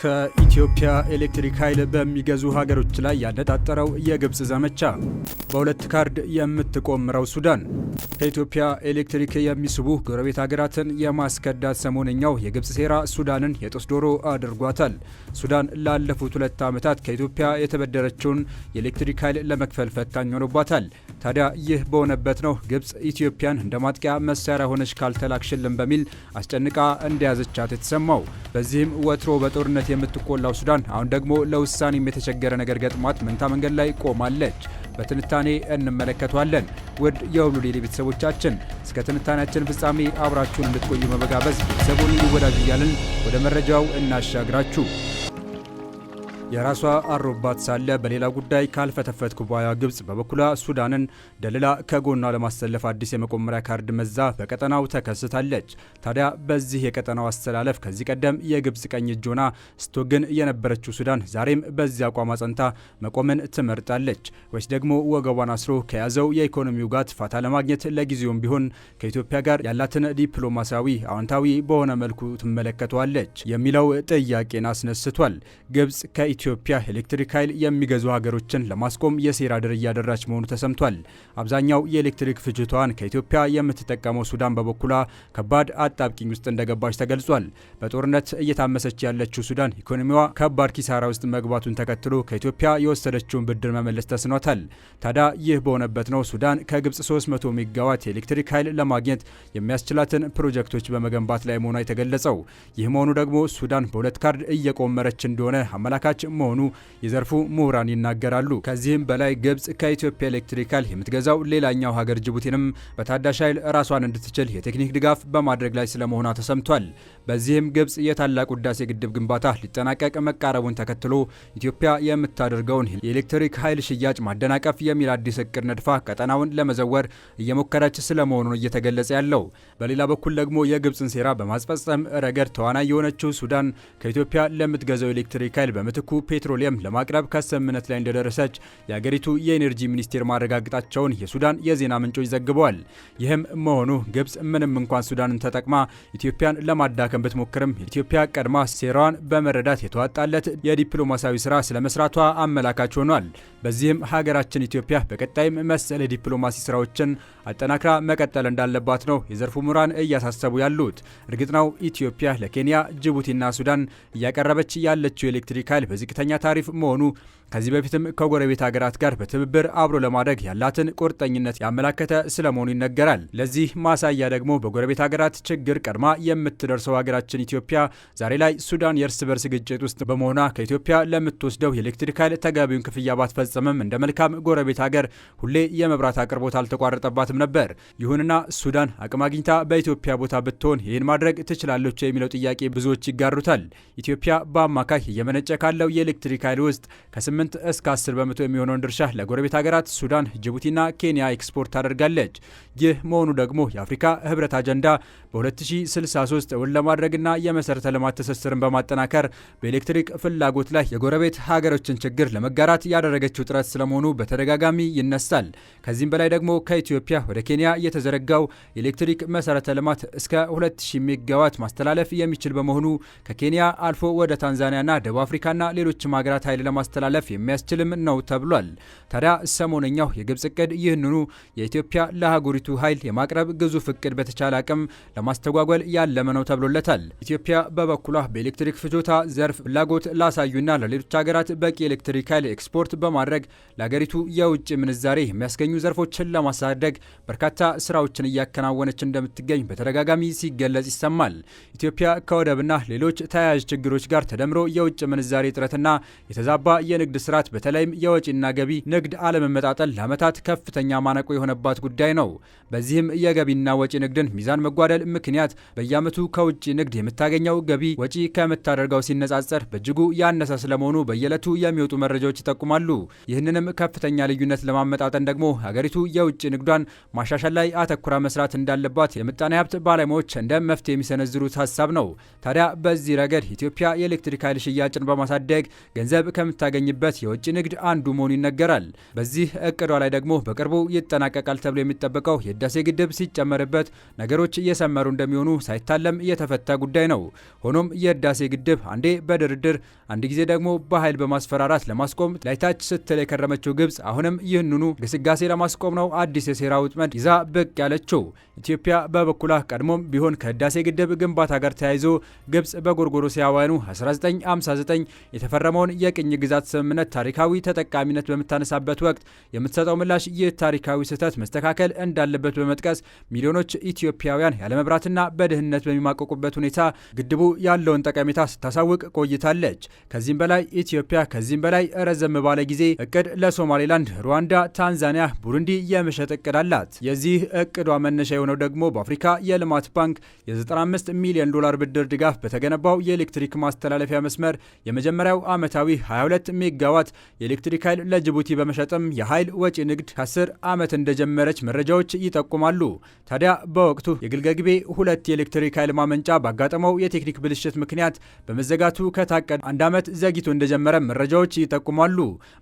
ከኢትዮጵያ ኤሌክትሪክ ኃይል በሚገዙ ሀገሮች ላይ ያነጣጠረው የግብፅ ዘመቻ፣ በሁለት ካርድ የምትቆምረው ሱዳን፣ ከኢትዮጵያ ኤሌክትሪክ የሚስቡ ጎረቤት ሀገራትን የማስከዳት ሰሞነኛው የግብፅ ሴራ ሱዳንን የጦስ ዶሮ አድርጓታል። ሱዳን ላለፉት ሁለት ዓመታት ከኢትዮጵያ የተበደረችውን የኤሌክትሪክ ኃይል ለመክፈል ፈታኝ ሆኖባታል። ታዲያ ይህ በሆነበት ነው ግብፅ ኢትዮጵያን እንደ ማጥቂያ መሳሪያ ሆነች ካልተላክሽልም በሚል አስጨንቃ እንደያዘቻት የተሰማው። በዚህም ወትሮ በጦርነት በመሪነት የምትቆላው ሱዳን አሁን ደግሞ ለውሳኔም የተቸገረ ነገር ገጥሟት መንታ መንገድ ላይ ቆማለች። በትንታኔ እንመለከቷለን። ውድ የሁሉ ዴይሊ ቤተሰቦቻችን እስከ ትንታኔያችን ፍጻሜ አብራችሁን እንድትቆዩ መበጋበዝ ቤተሰቡን ይወዳጁ እያልን ወደ መረጃው እናሻግራችሁ። የራሷ አሮባት ሳለ በሌላ ጉዳይ ካልፈተፈትኩ በኋላ ግብጽ በበኩሏ ሱዳንን ደልላ ከጎኗ ለማሰለፍ አዲስ የመቆመሪያ ካርድ መዛ በቀጠናው ተከስታለች። ታዲያ በዚህ የቀጠናው አስተላለፍ ከዚህ ቀደም የግብጽ ቀኝ እጅ ሆና ስትወግን የነበረችው ሱዳን ዛሬም በዚህ አቋም አጸንታ መቆምን ትመርጣለች ወይስ ደግሞ ወገቧን አስሮ ከያዘው የኢኮኖሚው ጋት ፋታ ለማግኘት ለጊዜውም ቢሆን ከኢትዮጵያ ጋር ያላትን ዲፕሎማሲያዊ አዎንታዊ በሆነ መልኩ ትመለከተዋለች የሚለው ጥያቄን አስነስቷል። ግብጽ ከኢትዮ ኢትዮጵያ ኤሌክትሪክ ኃይል የሚገዙ ሀገሮችን ለማስቆም የሴራ ድር እያደራች መሆኑ ተሰምቷል። አብዛኛው የኤሌክትሪክ ፍጅቷን ከኢትዮጵያ የምትጠቀመው ሱዳን በበኩሏ ከባድ አጣብቂኝ ውስጥ እንደገባች ተገልጿል። በጦርነት እየታመሰች ያለችው ሱዳን ኢኮኖሚዋ ከባድ ኪሳራ ውስጥ መግባቱን ተከትሎ ከኢትዮጵያ የወሰደችውን ብድር መመለስ ተስኗታል። ታዲያ ይህ በሆነበት ነው ሱዳን ከግብጽ 300 ሜጋዋት የኤሌክትሪክ ኃይል ለማግኘት የሚያስችላትን ፕሮጀክቶች በመገንባት ላይ መሆኗ የተገለጸው። ይህ መሆኑ ደግሞ ሱዳን በሁለት ካርድ እየቆመረች እንደሆነ አመላካች መሆኑ የዘርፉ ምሁራን ይናገራሉ። ከዚህም በላይ ግብጽ ከኢትዮጵያ ኤሌክትሪካል ኃይል የምትገዛው ሌላኛው ሀገር ጅቡቲንም በታዳሽ ኃይል ራሷን እንድትችል የቴክኒክ ድጋፍ በማድረግ ላይ ስለመሆኗ ተሰምቷል። በዚህም ግብጽ የታላቁ ህዳሴ ግድብ ግንባታ ሊጠናቀቅ መቃረቡን ተከትሎ ኢትዮጵያ የምታደርገውን የኤሌክትሪክ ኃይል ሽያጭ ማደናቀፍ የሚል አዲስ እቅድ ነድፋ ቀጠናውን ለመዘወር እየሞከረች ስለመሆኑ እየተገለጸ ያለው። በሌላ በኩል ደግሞ የግብጽን ሴራ በማስፈጸም ረገድ ተዋናይ የሆነችው ሱዳን ከኢትዮጵያ ለምትገዛው ኤሌክትሪክ ኃይል በምትኩ ፔትሮሊየም ለማቅረብ ከስምምነት ላይ እንደደረሰች የአገሪቱ የኤኔርጂ ሚኒስቴር ማረጋገጣቸውን የሱዳን የዜና ምንጮች ዘግበዋል። ይህም መሆኑ ግብጽ ምንም እንኳን ሱዳንን ተጠቅማ ኢትዮጵያን ለማዳከም ብትሞክርም ኢትዮጵያ ቀድማ ሴራዋን በመረዳት የተዋጣለት የዲፕሎማሲያዊ ስራ ስለመስራቷ አመላካች ሆኗል። በዚህም ሀገራችን ኢትዮጵያ በቀጣይም መሰል የዲፕሎማሲ ስራዎችን አጠናክራ መቀጠል እንዳለባት ነው የዘርፉ ምሁራን እያሳሰቡ ያሉት። እርግጥ ነው ኢትዮጵያ ለኬንያ ጅቡቲና ሱዳን እያቀረበች ያለችው ኤሌክትሪክ ኃይል በዚ ዝቅተኛ ታሪፍ መሆኑ ከዚህ በፊትም ከጎረቤት ሀገራት ጋር በትብብር አብሮ ለማደግ ያላትን ቁርጠኝነት ያመላከተ ስለመሆኑ ይነገራል። ለዚህ ማሳያ ደግሞ በጎረቤት ሀገራት ችግር ቀድማ የምትደርሰው ሀገራችን ኢትዮጵያ ዛሬ ላይ ሱዳን የእርስ በርስ ግጭት ውስጥ በመሆኗ ከኢትዮጵያ ለምትወስደው የኤሌክትሪክ ኃይል ተገቢውን ክፍያ ባትፈጸምም እንደ መልካም ጎረቤት ሀገር ሁሌ የመብራት አቅርቦት አልተቋረጠባትም ነበር። ይሁንና ሱዳን አቅም አግኝታ በኢትዮጵያ ቦታ ብትሆን ይህን ማድረግ ትችላለች የሚለው ጥያቄ ብዙዎች ይጋሩታል። ኢትዮጵያ በአማካይ እየመነጨ ካለው የኤሌክትሪክ ኃይል ውስጥ ከ8 እስከ 10 በመቶ የሚሆነውን ድርሻ ለጎረቤት ሀገራት ሱዳን፣ ጅቡቲና ኬንያ ኤክስፖርት ታደርጋለች። ይህ መሆኑ ደግሞ የአፍሪካ ህብረት አጀንዳ በ2063 እውን ለማድረግና የመሰረተ ልማት ትስስርን በማጠናከር በኤሌክትሪክ ፍላጎት ላይ የጎረቤት ሀገሮችን ችግር ለመጋራት ያደረገችው ጥረት ስለመሆኑ በተደጋጋሚ ይነሳል። ከዚህም በላይ ደግሞ ከኢትዮጵያ ወደ ኬንያ የተዘረጋው የኤሌክትሪክ መሰረተ ልማት እስከ 2000 ሜጋዋት ማስተላለፍ የሚችል በመሆኑ ከኬንያ አልፎ ወደ ታንዛኒያና ደቡብ አፍሪካና ለሌሎችም ሀገራት ኃይል ለማስተላለፍ የሚያስችልም ነው ተብሏል። ታዲያ ሰሞነኛው የግብጽ እቅድ ይህንኑ የኢትዮጵያ ለአህጉሪቱ ኃይል የማቅረብ ግዙፍ እቅድ በተቻለ አቅም ለማስተጓጎል ያለመ ነው ተብሎለታል። ኢትዮጵያ በበኩሏ በኤሌክትሪክ ፍጆታ ዘርፍ ፍላጎት ላሳዩና ለሌሎች ሀገራት በቂ ኤሌክትሪክ ኃይል ኤክስፖርት በማድረግ ለሀገሪቱ የውጭ ምንዛሬ የሚያስገኙ ዘርፎችን ለማሳደግ በርካታ ስራዎችን እያከናወነች እንደምትገኝ በተደጋጋሚ ሲገለጽ ይሰማል። ኢትዮጵያ ከወደብና ሌሎች ተያያዥ ችግሮች ጋር ተደምሮ የውጭ ምንዛሬ እጥረት ስርዓትና የተዛባ የንግድ ስርዓት በተለይም የወጪና ገቢ ንግድ አለመመጣጠን ለዓመታት ከፍተኛ ማነቆ የሆነባት ጉዳይ ነው። በዚህም የገቢና ወጪ ንግድን ሚዛን መጓደል ምክንያት በየዓመቱ ከውጭ ንግድ የምታገኘው ገቢ ወጪ ከምታደርገው ሲነጻጸር በእጅጉ ያነሰ ስለመሆኑ በየዕለቱ የሚወጡ መረጃዎች ይጠቁማሉ። ይህንንም ከፍተኛ ልዩነት ለማመጣጠን ደግሞ ሀገሪቱ የውጭ ንግዷን ማሻሻል ላይ አተኩራ መስራት እንዳለባት የምጣኔ ሀብት ባለሙያዎች እንደ መፍትሄ የሚሰነዝሩት ሀሳብ ነው። ታዲያ በዚህ ረገድ ኢትዮጵያ የኤሌክትሪክ ኃይል ሽያጭን በማሳደግ በማድረግ ገንዘብ ከምታገኝበት የውጭ ንግድ አንዱ መሆኑ ይነገራል። በዚህ እቅዷ ላይ ደግሞ በቅርቡ ይጠናቀቃል ተብሎ የሚጠበቀው የህዳሴ ግድብ ሲጨመርበት ነገሮች እየሰመሩ እንደሚሆኑ ሳይታለም የተፈታ ጉዳይ ነው። ሆኖም የህዳሴ ግድብ አንዴ በድርድር አንድ ጊዜ ደግሞ በኃይል በማስፈራራት ለማስቆም ላይታች ስትል የከረመችው ግብጽ አሁንም ይህንኑ ግስጋሴ ለማስቆም ነው አዲስ የሴራ ውጥመድ ይዛ ብቅ ያለችው። ኢትዮጵያ በበኩሏ ቀድሞም ቢሆን ከህዳሴ ግድብ ግንባታ ጋር ተያይዞ ግብጽ በጎርጎሮሳውያኑ 1959 የተፈ የተፈረመውን የቅኝ ግዛት ስምምነት ታሪካዊ ተጠቃሚነት በምታነሳበት ወቅት የምትሰጠው ምላሽ ይህ ታሪካዊ ስህተት መስተካከል እንዳለበት በመጥቀስ ሚሊዮኖች ኢትዮጵያውያን ያለመብራትና በድህነት በሚማቀቁበት ሁኔታ ግድቡ ያለውን ጠቀሜታ ስታሳውቅ ቆይታለች። ከዚህም በላይ ኢትዮጵያ ከዚህም በላይ ረዘም ባለ ጊዜ እቅድ ለሶማሌላንድ፣ ሩዋንዳ፣ ታንዛኒያ፣ ቡሩንዲ የመሸጥ እቅድ አላት። የዚህ እቅዷ መነሻ የሆነው ደግሞ በአፍሪካ የልማት ባንክ የ95 ሚሊዮን ዶላር ብድር ድጋፍ በተገነባው የኤሌክትሪክ ማስተላለፊያ መስመር የመጀመሪያ በመጀመሪያው ዓመታዊ 22 ሜጋዋት የኤሌክትሪክ ኃይል ለጅቡቲ በመሸጥም የኃይል ወጪ ንግድ ከ10 ዓመት እንደጀመረች መረጃዎች ይጠቁማሉ። ታዲያ በወቅቱ የግልገግቤ ሁለት የኤሌክትሪክ ኃይል ማመንጫ ባጋጠመው የቴክኒክ ብልሽት ምክንያት በመዘጋቱ ከታቀደ አንድ ዓመት ዘግይቶ እንደጀመረ መረጃዎች ይጠቁማሉ።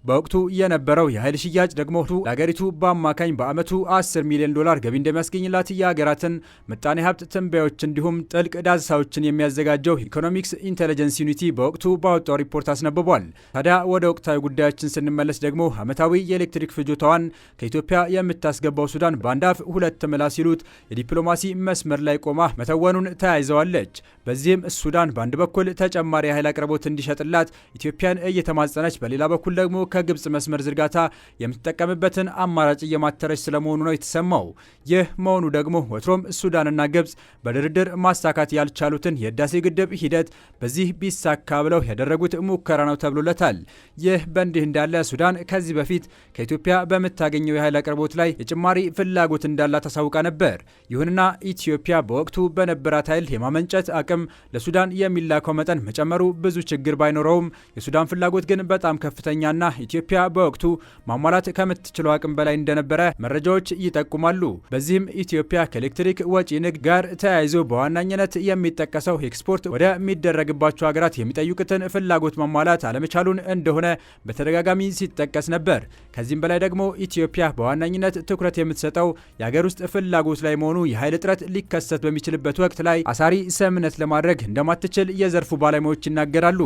በወቅቱ የነበረው የኃይል ሽያጭ ደግሞ ለሀገሪቱ በአማካኝ በዓመቱ 10 ሚሊዮን ዶላር ገቢ እንደሚያስገኝላት የሀገራትን ምጣኔ ሀብት ትንበዮች እንዲሁም ጥልቅ ዳሰሳዎችን የሚያዘጋጀው ኢኮኖሚክስ ኢንቴሊጀንስ ዩኒቲ በወቅቱ ባወጣው ሪፖርት ሪፖርት አስነብቧል። ታዲያ ወደ ወቅታዊ ጉዳያችን ስንመለስ ደግሞ ዓመታዊ የኤሌክትሪክ ፍጆታዋን ከኢትዮጵያ የምታስገባው ሱዳን በአንድ አፍ ሁለት ምላስ ሲሉት የዲፕሎማሲ መስመር ላይ ቆማ መተወኑን ተያይዘዋለች። በዚህም ሱዳን በአንድ በኩል ተጨማሪ የኃይል አቅርቦት እንዲሸጥላት ኢትዮጵያን እየተማጸነች፣ በሌላ በኩል ደግሞ ከግብፅ መስመር ዝርጋታ የምትጠቀምበትን አማራጭ እየማተረች ስለመሆኑ ነው የተሰማው። ይህ መሆኑ ደግሞ ወትሮም ሱዳንና ግብፅ በድርድር ማሳካት ያልቻሉትን የህዳሴ ግድብ ሂደት በዚህ ቢሳካ ብለው ያደረጉት ሙከራ ነው ተብሎለታል። ይህ በእንዲህ እንዳለ ሱዳን ከዚህ በፊት ከኢትዮጵያ በምታገኘው የኃይል አቅርቦት ላይ የጭማሪ ፍላጎት እንዳላት ታሳውቃ ነበር። ይሁንና ኢትዮጵያ በወቅቱ በነበራት ኃይል የማመንጨት አቅም ለሱዳን የሚላከው መጠን መጨመሩ ብዙ ችግር ባይኖረውም የሱዳን ፍላጎት ግን በጣም ከፍተኛና ኢትዮጵያ በወቅቱ ማሟላት ከምትችለው አቅም በላይ እንደነበረ መረጃዎች ይጠቁማሉ። በዚህም ኢትዮጵያ ከኤሌክትሪክ ወጪ ንግድ ጋር ተያይዞ በዋናኝነት የሚጠቀሰው ኤክስፖርት ወደሚደረግባቸው ሀገራት የሚጠይቁትን ፍላጎት ማሟላት አለመቻሉን እንደሆነ በተደጋጋሚ ሲጠቀስ ነበር። ከዚህም በላይ ደግሞ ኢትዮጵያ በዋነኝነት ትኩረት የምትሰጠው የሀገር ውስጥ ፍላጎት ላይ መሆኑ የኃይል እጥረት ሊከሰት በሚችልበት ወቅት ላይ አሳሪ ስምምነት ለማድረግ እንደማትችል የዘርፉ ባለሙያዎች ይናገራሉ።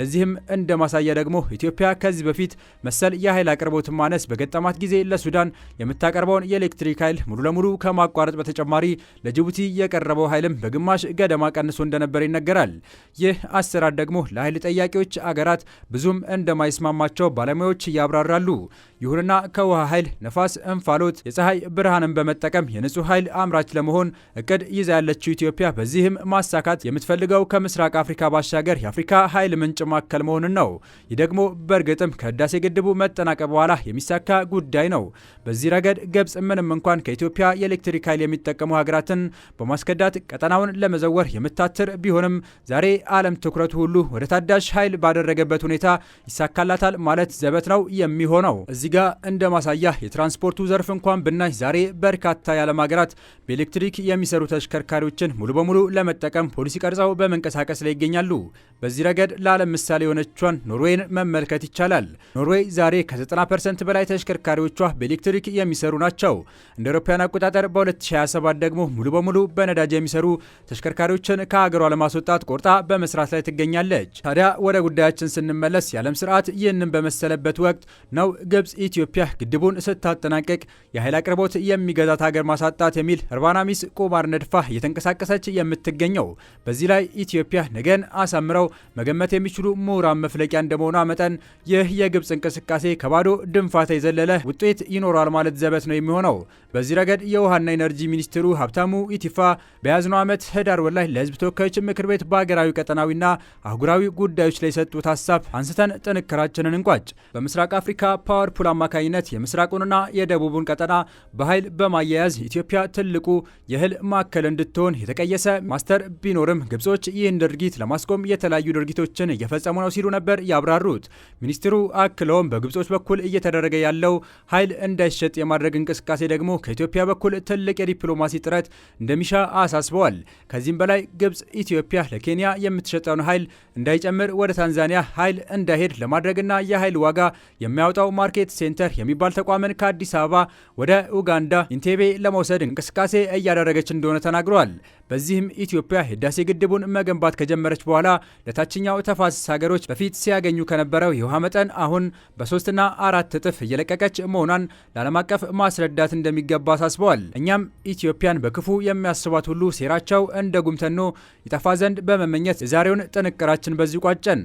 ለዚህም እንደ ማሳያ ደግሞ ኢትዮጵያ ከዚህ በፊት መሰል የኃይል አቅርቦት ማነስ በገጠማት ጊዜ ለሱዳን የምታቀርበውን የኤሌክትሪክ ኃይል ሙሉ ለሙሉ ከማቋረጥ በተጨማሪ ለጅቡቲ የቀረበው ኃይልም በግማሽ ገደማ ቀንሶ እንደነበር ይነገራል። ይህ አሰራር ደግሞ ለኃይል ጠያቂዎች አገራት ብዙም እንደማይስማማቸው ባለሙያዎች ያብራራሉ። ይሁንና ከውሃ ኃይል፣ ነፋስ፣ እንፋሎት፣ የፀሐይ ብርሃንን በመጠቀም የንጹህ ኃይል አምራች ለመሆን እቅድ ይዛ ያለችው ኢትዮጵያ በዚህም ማሳካት የምትፈልገው ከምስራቅ አፍሪካ ባሻገር የአፍሪካ ኃይል ምንጭ ማዕከል መሆንን ነው። ይህ ደግሞ በእርግጥም ከህዳሴ ግድቡ መጠናቀቅ በኋላ የሚሳካ ጉዳይ ነው። በዚህ ረገድ ግብጽ ምንም እንኳን ከኢትዮጵያ የኤሌክትሪክ ኃይል የሚጠቀሙ ሀገራትን በማስከዳት ቀጠናውን ለመዘወር የምታትር ቢሆንም ዛሬ ዓለም ትኩረቱ ሁሉ ወደ ታዳሽ ኃይል ባደረገበት ሁኔታ ይሳካላታል ማለት ዘበት ነው የሚሆነው። እዚህ ጋ እንደ ማሳያ የትራንስፖርቱ ዘርፍ እንኳን ብናይ ዛሬ በርካታ የዓለም ሀገራት በኤሌክትሪክ የሚሰሩ ተሽከርካሪዎችን ሙሉ በሙሉ ለመጠቀም ፖሊሲ ቀርጸው በመንቀሳቀስ ላይ ይገኛሉ። በዚህ ረገድ ለዓለም ምሳሌ የሆነችን ኖርዌይን መመልከት ይቻላል። ኖርዌይ ዛሬ ከ90 ፐርሰንት በላይ ተሽከርካሪዎቿ በኤሌክትሪክ የሚሰሩ ናቸው። እንደ አውሮፓውያን አቆጣጠር በ2027 ደግሞ ሙሉ በሙሉ በነዳጅ የሚሰሩ ተሽከርካሪዎችን ከሀገሯ ለማስወጣት ቆርጣ በመስራት ላይ ትገኛለች። ታዲያ ወደ ጉዳይ ጉዳያችን ስንመለስ የዓለም ስርዓት ይህንን በመሰለበት ወቅት ነው ግብፅ ኢትዮጵያ ግድቡን ስታጠናቀቅ የኃይል አቅርቦት የሚገዛት ሀገር ማሳጣት የሚል እርባና ሚስ ቁማር ነድፋ እየተንቀሳቀሰች የምትገኘው። በዚህ ላይ ኢትዮጵያ ነገን አሳምረው መገመት የሚችሉ ምሁራን መፍለቂያ እንደመሆኗ መጠን ይህ የግብፅ እንቅስቃሴ ከባዶ ድንፋታ የዘለለ ውጤት ይኖራል ማለት ዘበት ነው የሚሆነው። በዚህ ረገድ የውሃና ኢነርጂ ሚኒስትሩ ሀብታሙ ኢቲፋ በያዝነው ዓመት ህዳር ወር ላይ ለህዝብ ተወካዮች ምክር ቤት በሀገራዊ ቀጠናዊና አህጉራዊ ጉዳዮች ላይ ሰጥ የሰጡት ሀሳብ አንስተን ጥንክራችንን እንቋጭ። በምስራቅ አፍሪካ ፓወር ፑል አማካኝነት የምስራቁንና የደቡቡን ቀጠና በኃይል በማያያዝ ኢትዮጵያ ትልቁ የእህል ማዕከል እንድትሆን የተቀየሰ ማስተር ቢኖርም ግብጾች ይህን ድርጊት ለማስቆም የተለያዩ ድርጊቶችን እየፈጸሙ ነው ሲሉ ነበር ያብራሩት። ሚኒስትሩ አክለውም በግብጾች በኩል እየተደረገ ያለው ኃይል እንዳይሸጥ የማድረግ እንቅስቃሴ ደግሞ ከኢትዮጵያ በኩል ትልቅ የዲፕሎማሲ ጥረት እንደሚሻ አሳስበዋል። ከዚህም በላይ ግብጽ ኢትዮጵያ ለኬንያ የምትሸጠውን ኃይል እንዳይጨምር ወደ ታንዛ የታንዛኒያ ኃይል እንዳይሄድ ለማድረግና የኃይል ዋጋ የሚያወጣው ማርኬት ሴንተር የሚባል ተቋምን ከአዲስ አበባ ወደ ኡጋንዳ ኢንቴቤ ለመውሰድ እንቅስቃሴ እያደረገች እንደሆነ ተናግረዋል። በዚህም ኢትዮጵያ ህዳሴ ግድቡን መገንባት ከጀመረች በኋላ ለታችኛው ተፋሰስ ሀገሮች በፊት ሲያገኙ ከነበረው የውሃ መጠን አሁን በሶስትና አራት እጥፍ እየለቀቀች መሆኗን ለዓለም አቀፍ ማስረዳት እንደሚገባ አሳስበዋል። እኛም ኢትዮጵያን በክፉ የሚያስባት ሁሉ ሴራቸው እንደ ጉምተኖ ይጠፋ ዘንድ በመመኘት የዛሬውን ጥንቅራችን በዚህ ቋጨን።